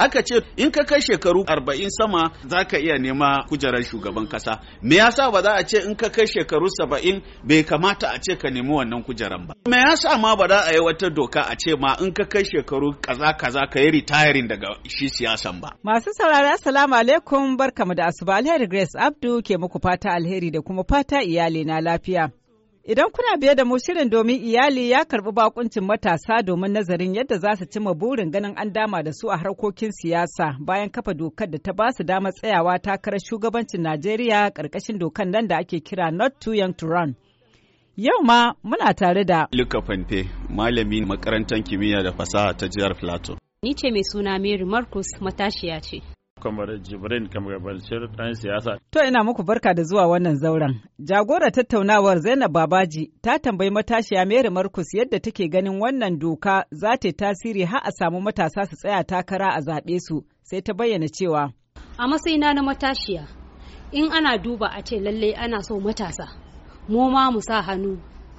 aka ce in ka kai shekaru arba'in sama za ka iya nema kujerar shugaban kasa me yasa ba za a ce in ka kai shekaru saba'in bai kamata a ce ka nemi wannan kujeran ba me yasa ma ba za a yi wata doka a ce ma in ka kai shekaru kaza kaza ka yi ritayarin daga shi siyasan ba masu saurari assalamu alaikum barkamu da asuba alheri grace abdu ke muku fata alheri da kuma fata iyali na lafiya Idan kuna biye da mu shirin domin iyali ya karbi bakuncin matasa domin nazarin yadda za su cimma burin ganin an dama da su a harkokin siyasa bayan kafa dokar da ta ba su damar tsayawa takarar shugabancin Najeriya karkashin dokar nan da ake kira Not Too Young to Run. Yau ma muna tare da Luka Fanfe, malami makarantar kimiyya da fasaha ta jihar Plateau. Ni ce mai suna Mary Marcus matashiya ce. kamar jibrin kamar bashir dan siyasa to ina muku barka da zuwa wannan zauren jagora tattaunawar zainab babaji ta tambayi matashiya mary markus yadda take ganin wannan doka za ta tasiri har a samu matasa su tsaya takara a zaɓe su sai ta bayyana cewa a matsayina na matashiya in ana duba a ce lalle ana so matasa mu ma mu sa hannu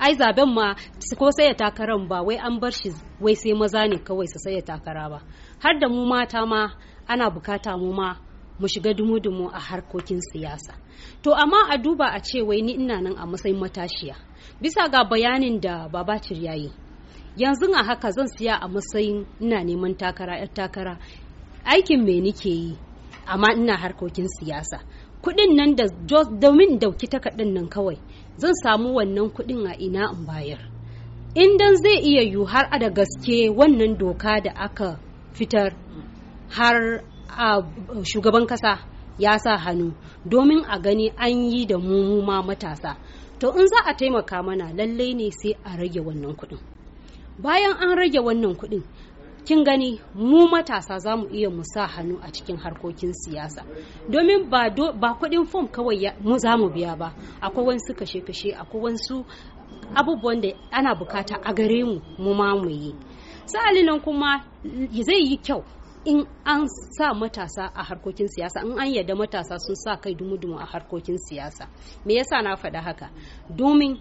ai zaben ma ko saya takaran ba wai an bar shi wai sai maza ne kawai su saya takara ba har da mu mata ma ana bukata mu ma mu shiga dumu-dumu a harkokin siyasa to amma a duba a ce wai ni ina nan a matsayin matashiya bisa ga bayanin da babacir yayi yanzu a haka zan siya a matsayin ina neman takara yar takara aikin me nike yi amma ina harkokin siyasa kuɗin nan da domin dauki takardun nan kawai zan samu wannan kuɗin a ina in bayar in dan zai iya yiwu har a da gaske wannan doka da aka fitar har shugaban kasa ya sa hannu domin a gani an yi da mu matasa to in za a taimaka mana lallai ne sai a rage wannan kuɗin bayan an rage wannan kuɗin kin gani mu matasa za mu iya mu sa hannu a cikin harkokin siyasa domin ba, kudin kuɗin fom kawai mu za mu biya ba akwai wasu kashe-kashe akwai wasu abubuwan da ana bukata a gare mu mu ma mu yi kuma zai yi kyau in an sa matasa a harkokin siyasa in an yarda matasa sun sa kai dumudumu a harkokin siyasa me yasa na faɗa haka domin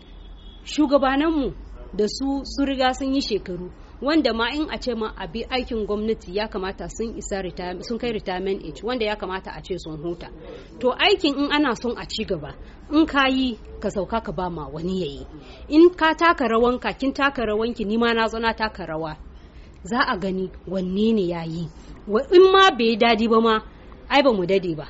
shugabananmu da su su riga sun yi shekaru wanda ma in a ce ma a bi aikin gwamnati ya kamata sun isa sun kai retirement age wanda ya kamata a ce sun huta to aikin in ana son a ci gaba in ka yi ka sauka ka ba ma wani yayi in ka taka rawanka kin taka rawanki ni ma na zo na taka rawa za a gani wanne ne yayi in ma bai dadi ba ma ai ba mu dade ba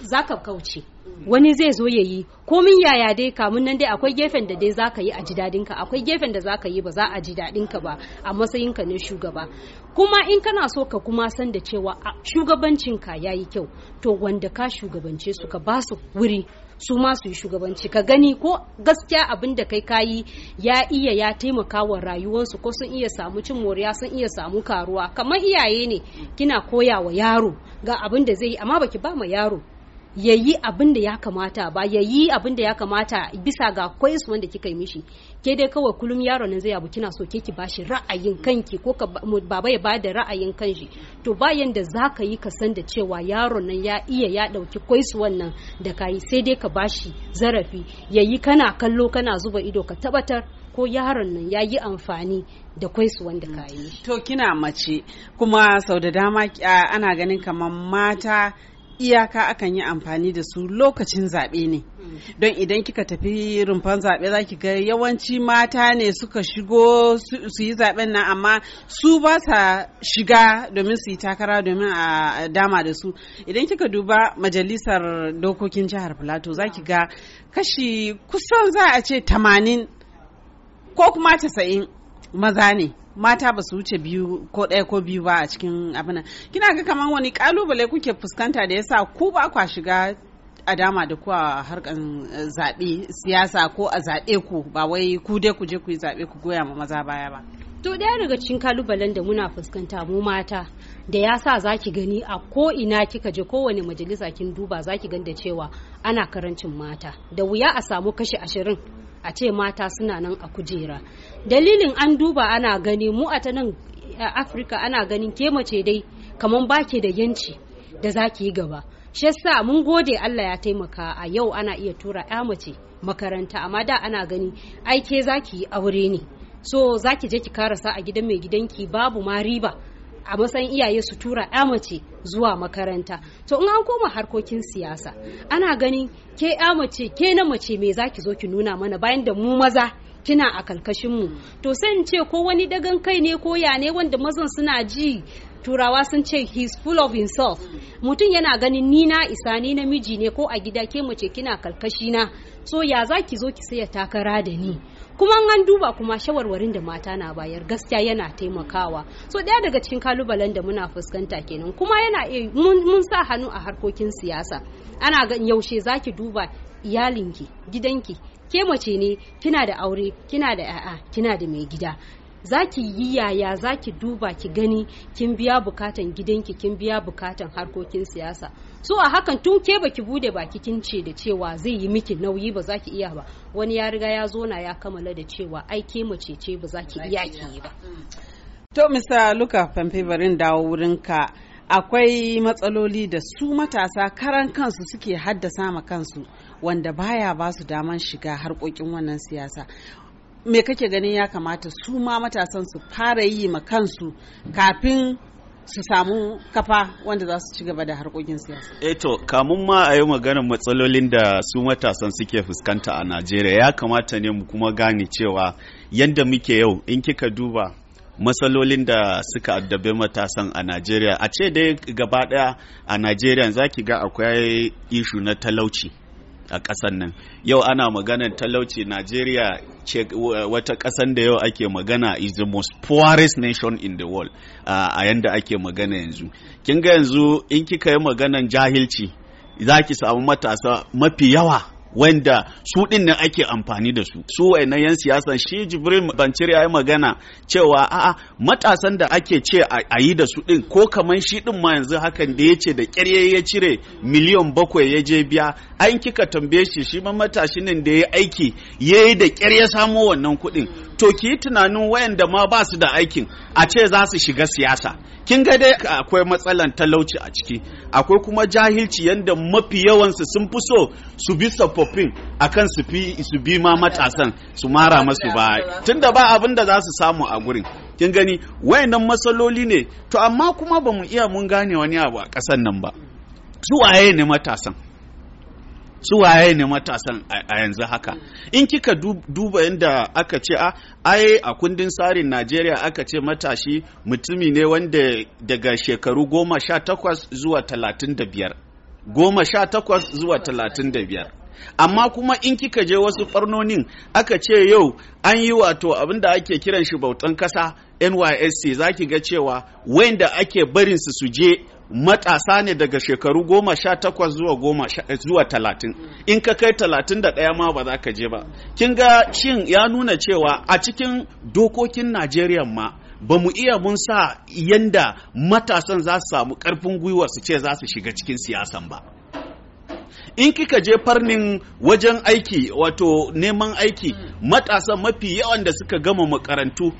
za ka kauce wani zai zo ya yi komin yaya dai kamun nan dai akwai gefen da dai za ka yi a ji dadin ka akwai gefen da za ka yi ba za a ji dadin ka ba a matsayin ka na shugaba kuma in kana so ka kuma san da cewa shugabancin ka yayi kyau to wanda ka shugabance suka ka ba su wuri su ma su yi shugabanci ka gani ko gaskiya abin da kai kayi ya iya ya taimaka wa rayuwarsu ko sun iya samu cin moriya sun iya samu karuwa kamar iyaye ne kina koya wa yaro ga abin da zai yi amma baki ba ma yaro ya yi abin da ya kamata ba ya yi abin da ya kamata bisa ga kwais wanda kika yi mishi ke dai kawai kullum yaron nan zai abu kina so ke ki bashi ra'ayin kanki ko ka baba ya da ra'ayin kanshi to bayan da zaka yi ka san da cewa yaron nan ya iya ya dauki kwais wannan da kayi sai dai ka bashi zarafi yayi kana kallo kana zuba ido ka tabbatar ko yaron nan ya yi amfani da su wanda ka yi. To kina mace kuma sau da dama ana ganin kamar mata iyaka akan yi amfani da su lokacin zaɓe ne don idan kika tafi rumfan zaɓe za ki ga yawanci mata ne suka shigo su yi zaɓen nan amma su ba sa shiga domin su yi takara domin a dama da su idan kika duba majalisar dokokin jihar plateau za ki ga kashi kusan za a ce tamanin ko kuma casa'in maza ne mata ba su wuce biyu ko ɗaya ko biyu ba a cikin abin kina ga kamar wani kalubale kuke fuskanta da yasa ku ba kwa shiga a dama da ku a harkan eh, zaɓe siyasa ko a zaɓe ku ba wai ku dai ku je ku yi zaɓe ku goya ma maza baya ba to ɗaya daga cikin kalubalen da muna fuskanta mu mata da ya sa za ki gani a ko ina kika je kowane majalisa kin duba za ki gan da cewa ana karancin mata da wuya a samu kashi ashirin a ce mata suna nan a kujera dalilin an duba ana gani mu a ta nan afirka ana ganin ke mace dai kamar ba ke da yanci da za ki yi gaba shi yasa mun gode allah ya taimaka a yau ana iya tura ya mace makaranta amma da ana gani aike ke za ki yi aure ne so za ki je ki karasa a gidan mai gidanki babu ma riba a matsayin iyaye su tura ya mace zuwa makaranta to in an koma harkokin siyasa ana ganin ke ya mace ke na mace me zaki zo ki nuna mana bayan da mu maza kina a kalkashin mu to sai ce ko wani dagan kai ne ko ya ne wanda mazan suna ji turawa sun ce he's full of himself mutum yana ganin ni na isa ni namiji ne ko a gida ke mace kina kalkashi na so ya za ki zo ki saya takara da ni kuma an duba kuma shawarwarin da mata na bayar gaskiya yana taimakawa so ɗaya daga cikin kalubalen da muna fuskanta kenan kuma yana mun sa hannu a harkokin siyasa ana ga yaushe zaki duba iyalinki gidanki ke mace ne kina da aure kina da 'ya'ya kina da mai gida za ki yi yaya za ki duba ki gani kin biya bukatan gidanki kin biya bukatan harkokin siyasa so a hakan tun ke baki bude baki kin ce da cewa zai yi miki nauyi ba za ki iya ba wani ya riga ya zo na ya kammala da cewa ai ke mace ce ba za ki iya ki yi ba to mr luka famfe barin dawo wurin ka akwai matsaloli da su matasa karan kansu suke haddasa ma kansu wanda baya ba su daman shiga harkokin wannan siyasa me kake ganin ya kamata su ma matasan su fara yi ma kansu kafin su samu kafa wanda za su ci gaba da harkokin siyasa. Eto, eh kamun ma a yi maganar matsalolin da su matasan suke fuskanta a Najeriya ya kamata ne mu kuma gane cewa yadda muke yau in kika duba matsalolin da suka addabe matasan a Najeriya a ce dai gaba daya a Najeriya za ki ga akwai ishu na talauci. a ƙasan nan yau ana maganar talauci ce wata ƙasan da yau ake magana is the most poorest nation in the world a yanda ake magana yanzu kin ga yanzu in kika yi maganan jahilci za ki samu matasa mafi yawa wanda su din nan ake amfani da su su na yan siyasa shi jibril bancir ya yi magana cewa a'a matasan da ake ce a yi da su din ko kaman shi din ma yanzu hakan da ya ce da ƙyarye ya cire miliyan bakwai ya je biya an kika tambaye shi shi ma matashi nan da ya aiki ya yi da ƙyar ya samo wannan kuɗin to ki yi tunanin wayanda ma ba su da aikin a ce za su shiga siyasa kin ga dai akwai matsalan talauci a ciki akwai kuma jahilci yadda mafi yawansu sun fi so su bi tsofaffin akan su fi su bi ma matasan su mara masu ba tunda ba abin da za su samu a gurin kin gani wayannan matsaloli ne to amma kuma ba mu iya mun gane wani abu a ƙasan nan ba su waye ne matasan su waye ne matasan a yanzu haka in kika duba inda aka ce a ah, ai a kundin tsarin najeriya aka ce matashi mutumi ne wanda daga shekaru goma sha takwas zuwa talatin da biyar goma sha takwas zuwa talatin da biyar amma kuma in kika je wasu farnonin aka ce yau an yi wato abin da ake kiran shi bautan kasa nysc za ki ga cewa wanda ake barinsu su je matasa ne daga shekaru goma sha takwas zuwa goma eh, zuwa talatin in ka kai talatin da ɗaya ma ba za ka je ba kin ga shin ya nuna cewa a cikin dokokin najeriya ma ba mu iya mun sa yanda matasan za su samu ƙarfin gwiwa su ce za su shiga cikin siyasan ba in kika je farnin wajen aiki wato neman aiki hmm. matasa mafi yawan da suka gama makarantu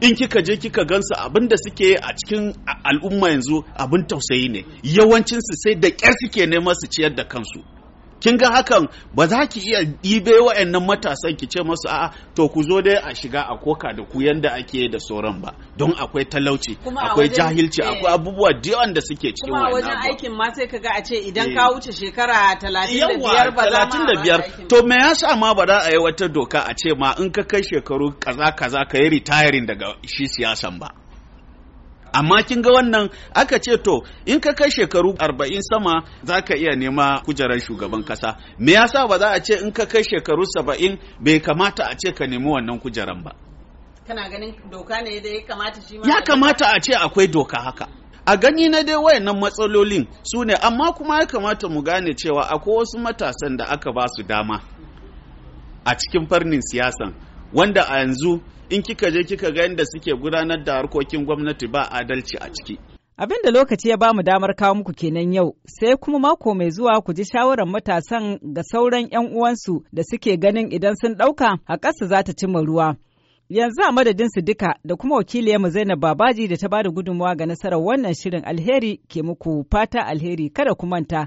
in kika je kika gansu abin da suke a cikin al'umma yanzu abin tausayi ne yawancinsu sai da ƙyar suke neman su ciyar da kansu kin ga hakan ba za ki iya ɗibe wa'annan matasan ki ce masu a'a to ku zo dai a shiga a koka da ku yanda ake da sauran ba don akwai talauci akwai jahilci eh. akwai abubuwa da da suke cikin wannan kuma wajen aikin ma sai kaga a ce idan eh. ka wuce shekara 35 ba za ma biyar to me yasa ma ba za a yi wata doka a ce ma in ka kai shekaru kaza kaza ka yi retiring daga shi siyasan ba amma kin ga wannan aka ce to in ka kai shekaru arba'in sama za ka iya nema kujerar shugaban kasa me yasa ba za a ce in ka kai shekaru saba'in bai kamata a ce ka nemi wannan kujeran ba kana ganin doka ne da ya kamata shi ya kamata a ce akwai doka haka a gani na dai wayannan matsalolin su ne amma kuma ya kamata mu gane cewa akwai wasu matasan da aka ba su dama a cikin farnin siyasan wanda a yanzu in kika je kika ga yadda suke gudanar da harkokin gwamnati ba adalci a ciki Abin da lokaci ya ba mu damar kawo muku kenan yau, sai kuma mako mai zuwa ku ji shawarar matasan ga sauran 'yan uwansu da suke ganin idan sun ɗauka a ƙasa za ta cimma ruwa. Yanzu a madadin su duka da kuma wakiliyarmu Zainab Babaji da ta ba da gudunmawa ga nasarar wannan shirin alheri ke muku fata alheri kada ku manta.